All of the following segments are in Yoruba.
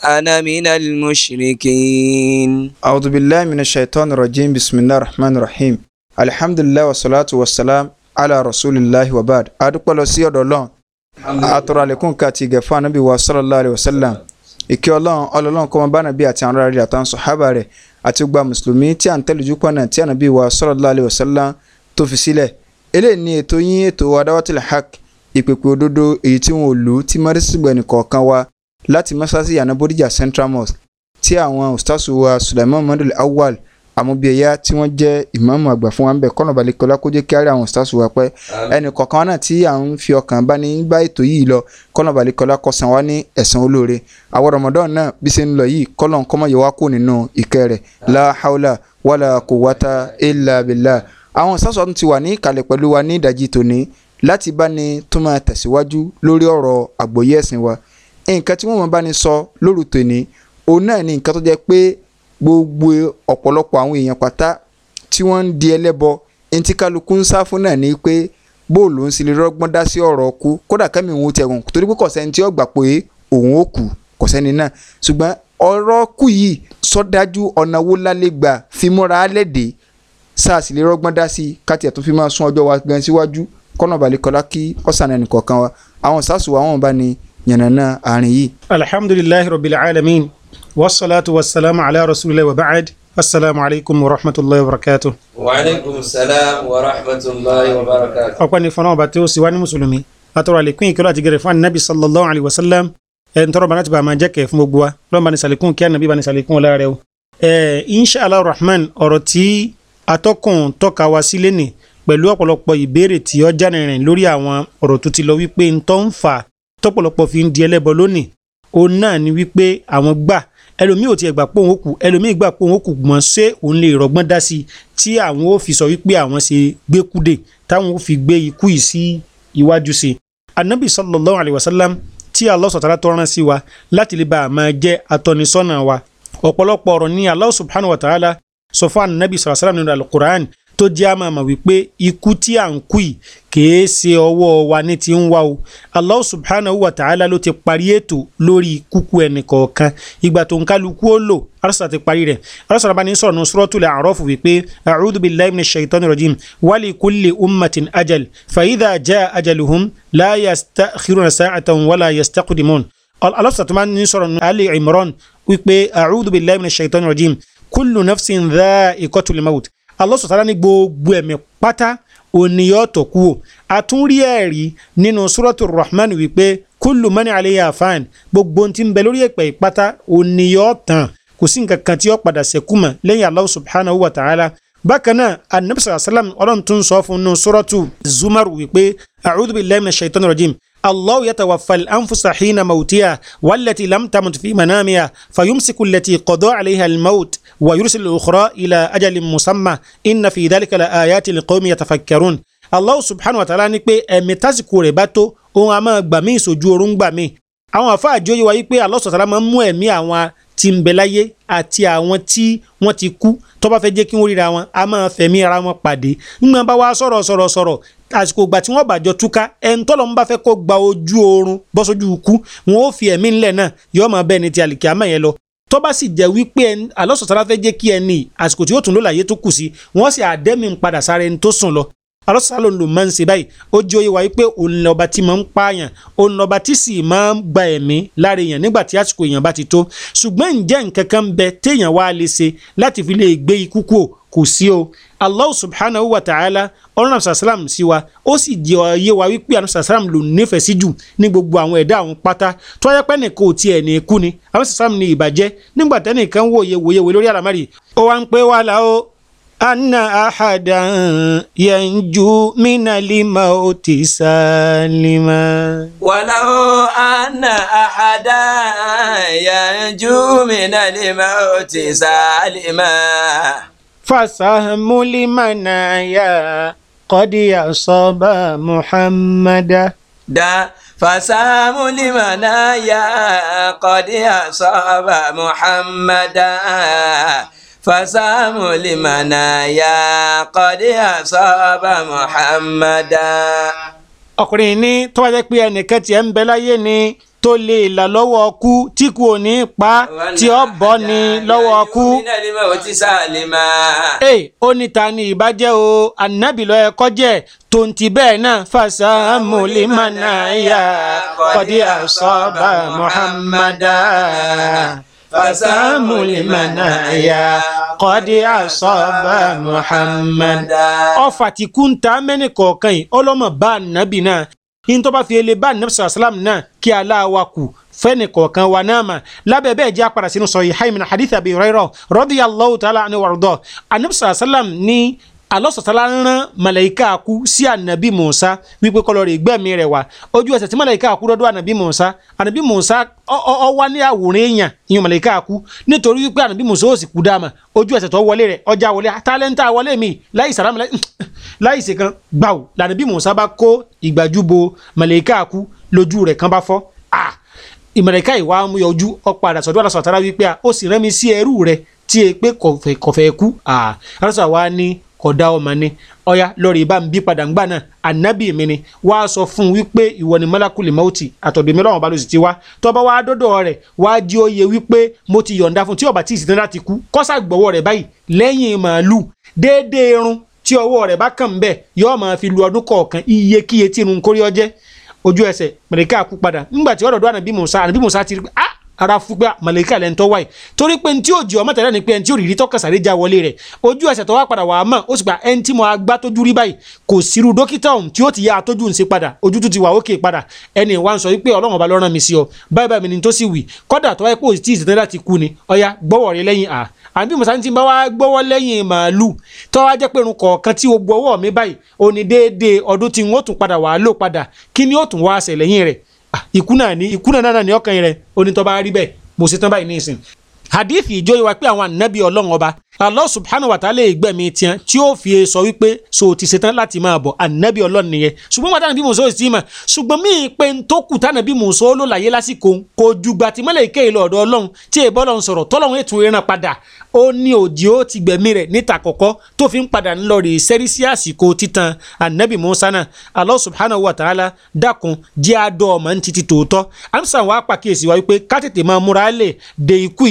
أنا من المشركين أعوذ بالله من الشيطان الرجيم بسم الله الرحمن الرحيم الحمد لله والصلاة والسلام على رسول الله وبعد أدوكو لسي أدولون أترى لكم كاتي غفان نبي صلى الله عليه وسلم ìkẹ́ ọlọ́run ọlọ́run kọ́mọ bá nàbí àti àwọn aráàlú àtàwọn sọ̀hábà rẹ̀ àti gba mùsùlùmí tí à ń tẹ́lẹ̀ ojú pọ̀nà tí ànàbí wa sallallahu alaihi wasallam tó fi sílẹ̀ eléyìí ni ètò yín ètò wa Da'watul ìpèpè òdodo èyí tí wọn ò lù tí mọ́rẹ́sì gbẹ̀nì wa láti mọ́ṣáláṣí ìyànà bódìjà central mosque tí àwọn ustaasu wa sulaiman muhammadu awal amúbíyẹyà tí wọ́n jẹ́ ìmáàmù àgbà fún wa ń bẹ̀ kọ́nà balẹ̀ kọ́lá kó jẹ́ kí á rí àwọn ustaasu wa pẹ́ ẹnì kọ̀ọ̀kan náà tí à ń fi ọkàn bá ní gbá ètò yìí lọ kọ́nà balẹ̀ kọ́lá san wá ní ẹ̀san olóore àwọn Ramadan náà bí ṣe ń lọ yìí kọ́lọ̀ kọ́mọ yẹwà kó nínú ìkẹ́ rẹ̀ la hawla wala quwwata illa billah àwọn ustaasu wa ti wà ní ìkàlẹ̀ pẹ̀lú wa ní ìdajì tòní láti bá ní nǹkan tí wọ́n mọ̀ bá ní sọ lóru tòní òun náà ni nǹkan tó jẹ́ pé gbogbo ọ̀pọ̀lọpọ̀ àwọn èèyàn pátá tí wọ́n ń di ẹlẹ́bọ ẹni kálukú ń sá fún náà ni pé bóòlù ń sile rọ́gbọ́n dá sí ọ̀rọ̀ ọkú kódà kẹ́mi òun ti ẹ̀wọ̀n torí pé kọ̀sẹ́ni tí ó gbà pé òun ó kú kọ̀sẹ́ni náà ṣùgbọ́n ọ̀rọ̀ kù yìí sọ́dájú ọ̀nà wo lálẹ́ gbà fi múra alẹ́ dé sars lè rọ́gbọ́n dá sí káti ẹ̀ tó fi máa sún ọjọ́ wa gan síwájú kọ́nà balẹ̀ kọ́lá kí ọ̀sán ẹnì kọ̀ọ̀kan wa àwọn sars wọn bá ní yànnàná àárín yìí. alhamdulilayi rabbil alamin wasalaatu wasalaamu ala rasulillah wa ba'ad asalaamu aleykum wa rahmatulahi wa barakatu. wa aleykum salaam wa rahmatulahi wa barakatu. ọ̀pẹ́ ni fọlọ́n ọba tí ó sì wá ní mùsùlùmí àtọ̀rọ̀ àlékún ìkẹ́lọ́ àti gẹ̀rẹ̀ fún anabi sallallahu alayhi wa sallam ẹ̀ ń tọrọ bá láti bá a máa jẹ́ kẹ̀ fún gbogbo wa lọ́nà bá ní kí anabi bá ní sàlékún ọ̀la rẹ̀ o. inshàlá rahman ọ̀rọ̀ tí atọ́kùn tọ́ka wa sílé ni pẹ̀lú ọ̀pọ̀lọpọ̀ ìbéèrè tí ó jánirin lórí àwọn ọ̀rọ̀ tó ti lọ wípé ń tọ́ ń fà tọ́pọ̀lọpọ̀ fi ń di ẹlẹ́bọ lónìí òun náà ni wípé àwọn gbà ẹlòmíì ò tiẹ̀ gbà pé òun ó kú ẹlòmíì gbà pé òun ó kú mọ̀ ṣé òun lè rọgbọ́n dá sí i tí àwọn ó fi sọ wípé àwọn ṣe gbékúdè táwọn ó fi gbé ikú yìí sí iwájú sí i. anabi sallallahu alayhi wa sallam tí Allah sọ̀tara tó rán sí wa láti lè bá a máa jẹ́ atọ́nisọ́nà wa ọ̀pọ̀lọpọ̀ ọ̀rọ̀ ni Allah subhanahu wa ta'ala sọ fún anabi sallallahu alayhi wa sallam nínú alukur'an tó jẹ́ àmọ́ àmọ́ wípé ikú tí à ń kú yìí kìí ṣe ọwọ́ wa ní ti ń wá o Allah subhanahu wa ta'ala ló ti parí ètò lórí kúkú ẹnì kọ̀ọ̀kan ìgbà tó ń kálukú ó lò arásà ti parí rẹ̀ arásà rẹ̀ bá ní sọ̀rọ̀ Suratul A'raf wípé a'udhu billahi minash shaitani rajim wa li kulli ummatin ajal fa idha jaa ajaluhum la yasta'khiruna sa'atan wala yastaqdimun Allah tó máa ní sọ̀rọ̀ Ali Imran wípé a'udhu billahi minash shaitani rajim kullu nafsin dha'iqatul maut Allah Ta'ala ní gbogbo ẹ̀mí pátá òní yóò tó kú o àtúnrí ẹ̀rí nínú suratu rahman wípé kullu man alayha fan gbogbo ohun tí ń bẹ lórí ẹ̀pẹ̀ ìpátá òní yóò tán kò sí nǹkan kan tí yóò padà ṣẹ́kù mọ́ lẹ́yìn Allah subhanahu wa ta'ala bákan náà anabi sallallahu alayhi wa sallam ọlọ́run tún sọ fún un nínú suratu zumar wípé a'udhu billahi minash shaitanir rajim الله يتوفى الأنفس حين موتها والتي لم تمت في منامها فيمسك التي قضى عليها الموت ويرسل الأخرى إلى أجل مسمى إن في ذلك لآيات لقوم يتفكرون Allah subhanahu wa ta'ala ní pé ẹ̀mí tásìkò rẹ̀ bá tó òun a máa gbà mí ìsojú oorun gbà mí àwọn àfáàjọ yìí wáyé pé Allah subhanahu wa ta'ala máa ń mú ẹ̀mí àwọn tí ń bẹ láyé àti àwọn tí wọ́n ti kú tó bá fẹ́ jẹ́ kí wọ́n ríra wọn a máa fẹ̀mí ara wọn pàdé nígbà bá wa sọ̀rọ̀ sọ̀rọ̀ sọ̀rọ̀ àsìkò ìgbà tí wọ́n bàjọ́ túká ẹni tọ́lọ̀ ń bá fẹ́ kó gba ojú oorun bọ́sọ́jú ikú wọn ó fi ẹ̀mí ńlẹ̀ náà yọ ọmọ bẹ́ẹ̀ ni ti àlìkíyàmá yẹn lọ tó bá sì jẹ́ wípé alọ́sọ̀tara fẹ́ jẹ́ kí ẹni àsìkò tí ó tún lò láyé tó kù sí wọ́n sì àdẹ́mì padà sáré ẹni tó sùn lọ alọ́sàlò ló máa ń ṣe báyìí ó jẹ́ òye wa wípé òun lọ́ba tí máa ń pààyàn òun lọ́ba tí sì máa ń gba ẹ̀mí lára èèyàn nígbà tí àsìkò èèyàn bá ti tó ṣùgbọ́n ǹjẹ́ nǹkan kan bẹ téèyàn wá lè ṣe láti fi lè gbé ikú kú o kò sí o Allah subhanahu wa ta'ala ọ̀run àṣàṣàlám sí wa ó sì di ọ̀yẹ́ wa wípé àṣàṣàlám ló nífẹ̀ẹ́ sí jù ní gbogbo àwọn ẹ̀dá àwọn pátá tó wáyé pẹ́ nìkan ò tiẹ̀ ní ikú ni àṣàṣàlám ní ìbàjẹ́ nígbà tẹ́nìkan wòye wòye wòye lórí àlámárì ó wá ń pé wàhálà o أن أحدا ينجو من الموت سالما ولو أن أحدا ينجو من الموت سالما فسهم المنايا قد أصاب محمدا دا فسام لمنايا قد أصاب محمدا فسام لمنايا قد أصاب محمدا ọkùnrin ní tó bá jẹ́ pé ẹnìkan tiẹ̀ ń bẹ láyé ni tó lè là lọ́wọ́ ọkú tí kú ò ní pa tí ó bọ́ ni lọ́wọ́ ọkú. ẹ ó ní ta ni ìbàjẹ́ o ànábì ló jẹ́ tonti bẹ́ẹ̀ náà fasamu limanaya kọ́dí àṣọ́ba muhammada. فسام المنايا قد أصاب محمدا ọfà tí kúńtà mẹ́ni kọ̀ọ̀kan yìí ọlọ́mọ bá nàbì náà yín tó bá fi ele bá nàbì sọ̀rọ̀ sàlám náà kí aláwa kù fẹ́ni kọ̀ọ̀kan wa náà mà lábẹ́ bẹ́ẹ̀ jẹ́ apàdà sínú sọ̀yìn haimina hadith abi hurairah radiyallahu ta'ala anhu wàrúdọ̀ anabi sàlám ní alọ́sọ̀tàlá ń rán màláìka kú sí ànàbí Mùsá wípé kọlọ rè gbẹ̀mí rẹ̀ wá ojú ẹsẹ̀ tí màláìka kú lọ́dọ̀ ànàbí Mùsá ànàbí Mùsá ọ wá ní àwòrán èèyàn ìyẹn màláìka kú nítorí wípé ànàbí Mùsá ò sì kú dáàmà ojú ẹsẹ̀ tó wọlé rẹ̀ ọjà wọlé ah, tálẹ́ńtà wọlé mi láì sàrámù láì sèkan gbàù lànàbí Mùsá bá kó ìgbàjú bo màláìka kú lójú rẹ̀ kan ah ìmọ̀lẹ́ka ìwà amúyọjú ọ̀pá àdàsọ̀dọ̀ àdàsọ̀tara wípé ó sì rán mi sí ẹrú rẹ̀ tí e pé kọ̀fẹ́ kú àdàsọ̀ kódà ọmọ ni ọ̀ya lọ́ọ̀rì bá ń bí padà ń gbà náà ànábì mi ni wá sọ fún un wípé ìwọ ni mọ́lákùlì mọ́ọ̀tì àtọ̀dọ̀ mi lọ́wọ́n bá ló sì ti wá tọ́ba wá dọ́dọ̀ rẹ̀ wá di oyè wípé mo ti yọ̀ǹda fún tí ọba tí ìsìtẹ́ńdà ti kú kọ́sà gbọ́wọ́ rẹ̀ báyìí lẹ́yìn màálù déédéé irun tí ọwọ́ rẹ̀ bá kàn bẹ́ẹ̀ yóò máa fi lu ọdún kọ̀ọ̀kan iyekíye tí irun kórè ọjẹ́ ojú ẹsẹ̀ mẹ̀ríkà kú padà ńgbà tí ọ̀dọ̀dọ̀ ànàbí Mùsá ànàbí Mùsá ti rí pé á ara fún pé màlẹ́kà lẹ́ni tó wáyé torí pé ní tí òjì ọmọ tẹ̀lé ni pé ẹni tí òrìrì tọ́ka sáré já wọlé rẹ̀ ojú ẹsẹ̀ tó wá padà wàá mọ̀ ó sì gba ẹni tí mo agbá tójú rí báyìí kò sírú dókítà ọ̀hún tí ó ti yá atójú ń ṣe padà ojú tó ti wà ókè padà ẹni ìwà ń sọ wípé ọlọ́run ọba lọ́ràn mi sí ọ báyìí báyìí ni tó sì wì kọ́dà tó wáyé pé òsì tí ìsìn náírà ti kú ni ọya gbọ́wọ́ rẹ lẹ́yìn à àbí musa ti bá wá gbọ́wọ́ lẹ́yìn màálù tó wá jẹ́ pé irun kọ̀ọ̀kan tí o gbọ́wọ́ mi báyìí òní déédéé ọdún tí n ó tún padà wàá lò padà kí ni ó tún wá ṣẹlẹ̀ yìn rẹ̀ ikú náà ni ikú náà náà ni ọkàn rẹ onítọ́ bá rí bẹ́ẹ̀ mo ṣetán báyìí ní ìsìn hadith ìjọ ìwà pé àwọn ànábì ọlọ́run ọba Allah subhanahu wa ta'ala ìgbẹ̀mí tiẹ̀ tí ó fi sọ wípé so ti ṣetán láti máa bọ̀ ànábì ọlọ́run nìyẹn ṣùgbọ́n wọn tàbí mùsùlùmí sì mà ṣùgbọ́n míì pé n tó kù tàbí mùsùlùmí ló láyé lásìkò kò ju gbà tí mọ́lẹ̀ ìkéyìí lọ ọ̀dọ̀ ọlọ́run tí èbọ́ lọ́n sọ̀rọ̀ tọ́lọ́run ètò ìran padà ó ní òdì ó ti gbẹ̀mí rẹ̀ níta kọ̀kọ́ tó fi ń padà ńlọ rè sẹ́rí àsìkò títan ànábì Musa náà Allah subhanahu wa ta'ala dákun jẹ́ àdó ọmọ ní títí tòótọ́ amsa wa pàkíyèsí wa wípé ká tètè máa múra lè de ikú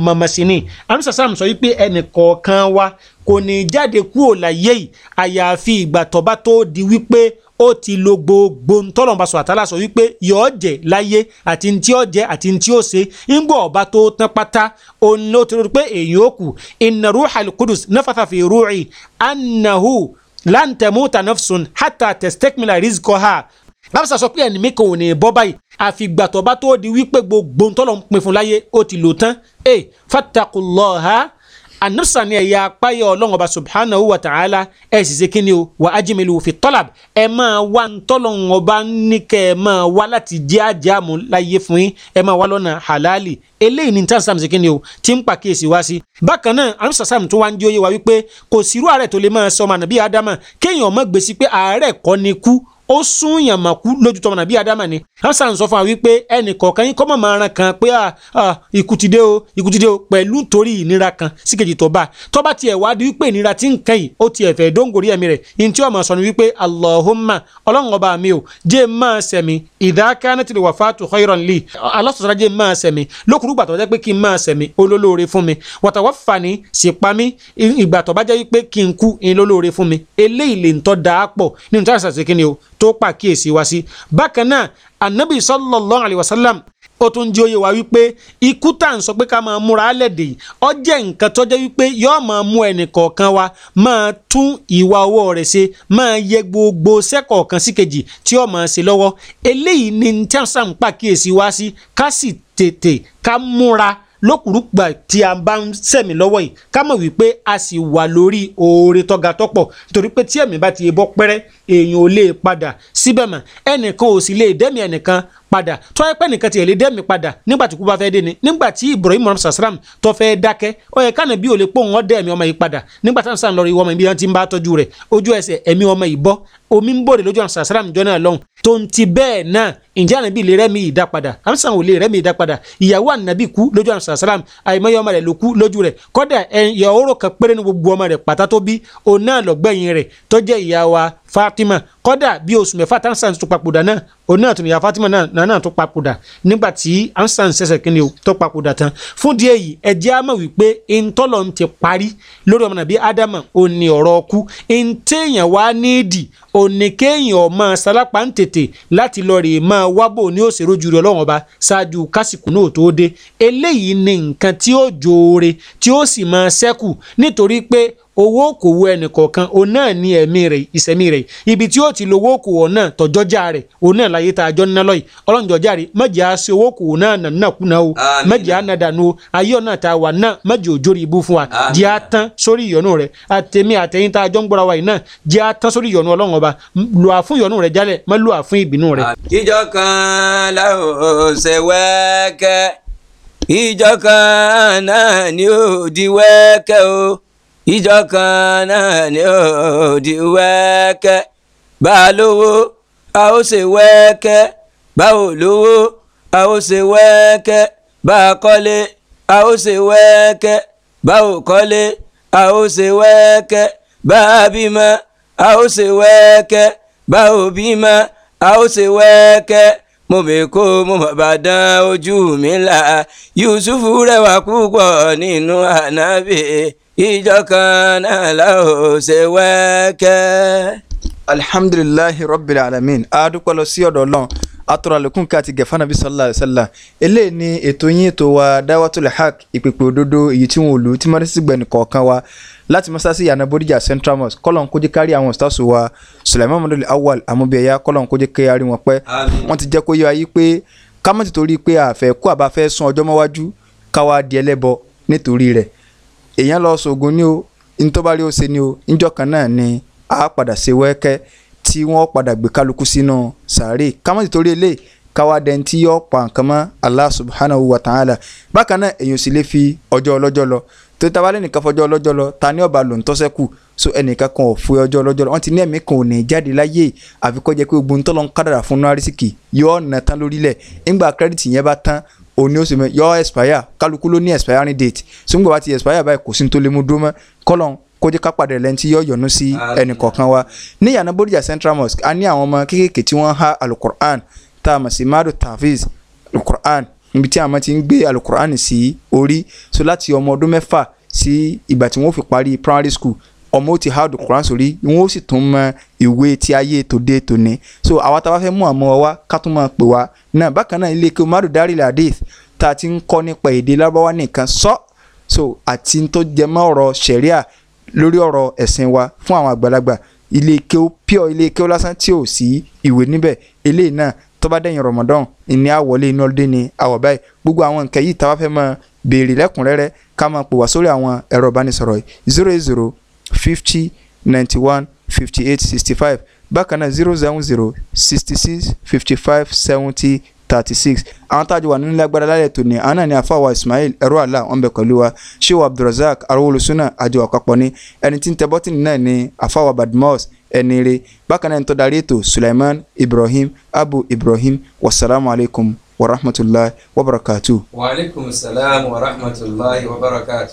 mọ̀mọ̀sí ni anúṣà sáàmù sọ wípé ẹnì kọ̀ọ̀kan wa kò ní jáde kúrò láyé yìí àyàfi ìgbà tó bá tó di wípé ó ti lo gbogbo ntọ́nà bá sọ àtàlà sọ wípé yọ̀ọ́ jẹ láyé àti ntí ó jẹ àti ntí ó ṣe ńgbọ́ ọba tó tán pátá òun ló ti rí pé èyàn ó kù inna ruhal qudus fi ru'i annahu lan tamuta nafsun hatta tastakmila rizqaha. lábùsà sọ pé ẹnì mi kò ní bọ́ báyìí àfìgbà tó bá tó di wípé gbogbo ntọ́lọ̀ ń pin fún láyé ó ti lò tán ẹ fattaqullaha anabisa ni ẹ̀yà apáyé ọlọ́run ọba subhanahu wa ta'ala ẹ̀ sì ṣe kíni o wà ajmilu fi talab ẹ̀ máa wá ntọ́lọ́run ọba níkẹ́ ẹ̀ máa wá láti jẹ́ àjàmù láyé fún yín ẹ̀ máa wá lọ́nà halali eléyìí ni tí ansa ṣe kíni o ti ń pàkíyèsí wá sí. bákan náà ansa sam tó wá ń di òye wa wípé kò sírú àárẹ̀ tó lè máa sọ ọmọ ànàbí adama kéèyàn má gbèsè pé àárẹ̀ kọ́ ni kú ó sún yàmàkú lójú tọmọ nàbí adama ni hasan sọ fún wa wípé ẹnì kọ̀ọ̀kan yín kọ́mọ̀ máa ran kan pé ah, ah, ikú o ikú ti dé o pẹ̀lú torí ìnira kan sí kejì tó bá tó bá tiẹ̀ wá di wípé ìnira tí ń kàn yìí ó tiẹ̀ fẹ́ dóńgòrí ẹ̀mí rẹ̀ ní tí ó máa sọ ni wípé allahumma ọlọ́run mi o jẹ́ máa sẹ̀mí idha kanati wafatu khayran li alásọ̀tara jẹ́ máa sẹ̀mí lókùrúgbà tó jẹ́ pé kí n máa sẹ̀mí olólóore fún mi wàtàwọ́fàní sípamí ìgbà da á tó pàkíyèsí wa sí bákan náà anabi sallallahu alayhi wa sallam ó tún jẹ́ òye wa wípé ikú tá à ń sọ pé ká máa múra lẹ́dẹ̀ yìí ó jẹ́ nǹkan tó jẹ́ wípé yóò máa mú ẹnì kọ̀ọ̀kan wa máa tún ìwà ọwọ́ rẹ̀ ṣe máa yẹ gbogbo sẹ́kọ̀ọ̀kan sí kejì tí ó máa ṣe lọ́wọ́ eléyìí ni tí pàkíyèsí wa sí ká sì tètè ká múra lókùrúgba tí a bá ń sẹ̀mí lọ́wọ́ yìí ká mọ̀ wípé a sì wà lórí oore tọ́ga tọ́pọ̀ torí pé tí ẹ̀mí bá ti bọ́ pẹ́rẹ́ èèyàn ò lè padà síbẹ̀ mọ́ ẹnìkan ò sì lè dẹ́mi ẹnìkan padà tó ayé pẹ́ nìkan tiẹ̀ lè dẹ́mi padà nígbà tí kú bá fẹ́ dé ni nígbà Ibrahim muhammed sasram tó fẹ́ dákẹ́ ó yẹ káàní bí o lè pòun ọ́ dẹ́mi ọmọ yìí padà nígbà tí sàn lọ rí ọmọ ibi tí ń bá tọ́jú rẹ̀ ojú ẹsẹ̀ ẹ̀mí ọmọ yìí bọ́ omi ń bòrè lójú àwọn sasram jọ náà lọ́hùn tó ń ti bẹ́ẹ̀ náà ǹjẹ́ ànábì lè rẹ́mi ìdá padà amsan ò lè rẹ́mi ìdá padà ìyàwó ànábì kú lójú àwọn sàsàlám àìmọye ọmọ rẹ̀ ló kú lójú rẹ̀ kọ́dà ẹ̀yà òórò kan péré ní gbogbo ọmọ rẹ̀ pátá tó bí òun náà lọ́gbẹ̀yìn rẹ̀ tó ìyá wa Fatima kọ́dà bí oṣù mẹ́fà tí Ansan tó papòdà náà òun náà ìyá Fatima náà náà tó papòdà nígbà tí Ansan ṣẹ̀ṣẹ̀ kí ni o tó papòdà tán fún díẹ̀ yìí ẹ̀jẹ̀ á mọ̀ wípé ntọ́lọ̀ ń ti parí lórí ọmọ nàbí Ádámà ò ní ọ̀rọ̀ ọkú ntẹ̀yàn wá nídìí ònìkéyìn ọmọ sálápá ń tètè láti lọ rèé máa wábò ní òṣèré ojú rẹ ọlọ́wọ́n ọba ṣáájú kásìkò náà tó dé eléyìí ni nǹkan tí ó jóore tí ó sì máa ṣẹ́kù nítorí pé owó òkòwò ẹnìkọ̀ọ̀kan òun náà ní ẹ̀mí rẹ̀ ìsẹ̀mí rẹ̀ ibi tí ó ti lo owó òkòwò náà tọ̀jọ́jà rẹ̀ òun náà láyé tá a jọ ná lọ́yìí ọlọ́run jọ̀jà rẹ̀ mẹ́jẹ̀ á sí owó òkòwò náà nà nà kùnà o mẹ́jẹ̀ á nà dànù o ayé ọ̀nà tá a wà náà mẹ́jẹ̀ òjò ibú fún wa jẹ́ á tán sórí ìyọnu rẹ̀ àtẹ̀mí àtẹ̀yìn tá a jọ ń gbọ́ra wa yìí náà jẹ́ á tán sórí ìyọnu ìjọ kan náà ni ó di wẹ́ẹ́kẹ́ bá a lówó a ó ṣe wẹ́ẹ́kẹ́ bá a ò lówó a ó ṣe wẹ́ẹ́kẹ́ bá a kọ́lé a ó ṣe wẹ́ẹ́kẹ́ bá a ò kọ́lé a ó ṣe wẹ́ẹ́kẹ́ bá a bímọ a ó ṣe wẹ́ẹ́kẹ́ bá a ò bímọ a ó ṣe wẹ́ẹ́kẹ́ mo bè kó mo mà bá dán ojú mi là Yusuf rẹwà púpọ̀ nínú ànábì ìjọ kan náà la ó ṣe wẹ́kẹ́. alhamdulilayi rabbil alamin a dúpẹ́ lọ sí ọ̀dọ̀ ọlọ́run atọ́rọ̀ àlékún ká ti gẹ̀fà nàbí sallallahu alaihi wasallam eléyìí ni ètò yín ètò wa dáwàtul haq ìpèpè òdodo èyí tí wọn lù ú tí mọ́tẹ́sì gbẹ̀nì kọ̀ọ̀kan wa láti mọ́sáàsì yànnà bódìjà central mosque kọ́lọ̀n kó jẹ́ kárí àwọn ìsítàṣù wa sulaiman muhammed awal amúbíyẹyà kọ́lọ̀n kó jẹ́ kárí wọn pẹ́ wọ́n ti jẹ́ kó yé wa yí pé ká má ti torí pé àfẹ́ kó àbáfẹ́ sún ọjọ́ mọ́wájú káwa di ẹlẹ́bọ nítorí rẹ̀ èèyàn lọ sògùn ni o ntọ́balẹ̀ ó ṣe ni o níjọ́ kan náà ni a padà ṣe wẹ́kẹ́ tí wọ́n padà gbé kálukú sínú sàárè kámọ́tì torí eléyìí káwá dẹni tí yọ pa nǹkan mọ́ Allah subhanahu wa ta'ala bákan náà èèyàn sì lè fi ọjọ́ ọlọ́jọ́ lọ tó ta wálé nìkan fọjọ́ ọlọ́jọ́ lọ ta ní ọba ló ń tọ́sẹ́ kù so ẹnìkan kan ò fún ọjọ́ ọlọ́jọ́ lọ wọ́n ti ní ẹ̀mí kan ò ní jáde láyé àfikọ́ jẹ́ pé gbogbo ń kádàrà fún náà rísìkì yọ ọ̀nà tán lórílẹ̀ ńgbà kírẹ́dìtì yẹn bá tán òní ó sì mọ yọ expire kálukú ló ní expiring date sóńgbà wa ti expire báyìí kò sí ní tó lè mú dúró mọ́ kọ́lọ́n kó jẹ́ ká pàdé lẹ́yìn tí sí ẹnì kọ̀ọ̀kan wa ní yàrá Bódìjà Central Mosque a ní àwọn ọmọ kéékèèké tí wọ́n há alukur'an tá a mọ̀ sí madu tafiz alukur'an níbi tí àwọn ti ń gbé alukur'an sí orí so láti ọmọ ọdún mẹ́fà sí ìgbà tí wọ́n fi parí primary school ọmọ ó ti háàdù Quran sórí wọn ó sì tún mọ ìwé ti ayé tòde tòní so àwa tá a bá fẹ́ mú àmọ́ wa ká tún máa pè wá náà bákan náà ilé kí Umaru Daril Hadith tá ti ń kọ́ nípa èdè lárúbáwá nìkan sọ so àti tó jẹ mọ́ ọ̀rọ̀ ṣẹ̀ríà lórí ọ̀rọ̀ ẹ̀sìn wa fún àwọn àgbàlagbà ilé ike ó pure ilé ike lásán tí ò sí ìwé níbẹ̀ eléyìí náà tó Ramadan ìní àwọlé inú ọdún ni àwọ̀ báyìí gbogbo àwọn nǹkan yìí tá a bá fẹ́ máa béèrè lẹ́kùnrẹ́rẹ́ ká máa pò wá sórí àwọn ẹ̀rọ ìbánisọ̀rọ̀ zero eight zero fifty ninety one fifty eight sixty five bákan náà zero seven zero sixty six fifty five seventy thirty six àwọn tájú wà nínú lágbára lálẹ́ tòní àwọn náà ni àfàwà ismail ẹ̀rọ àlà wọn bẹ pẹ̀lú wa ṣéwà abdulrasaq arúgbólosúnà àjọ àpapọ̀ ni ẹni tí ń tẹ bọ́tìnì náà ni àfàwà badmus ẹni rẹ bákan náà ń tọ́ darí ètò sulaiman ibrahim abu ibrahim wasalaamu alaykum wa rahmatulahi wa barakatu. wa aleykum salaam wa rahmatulahi wa barakatu.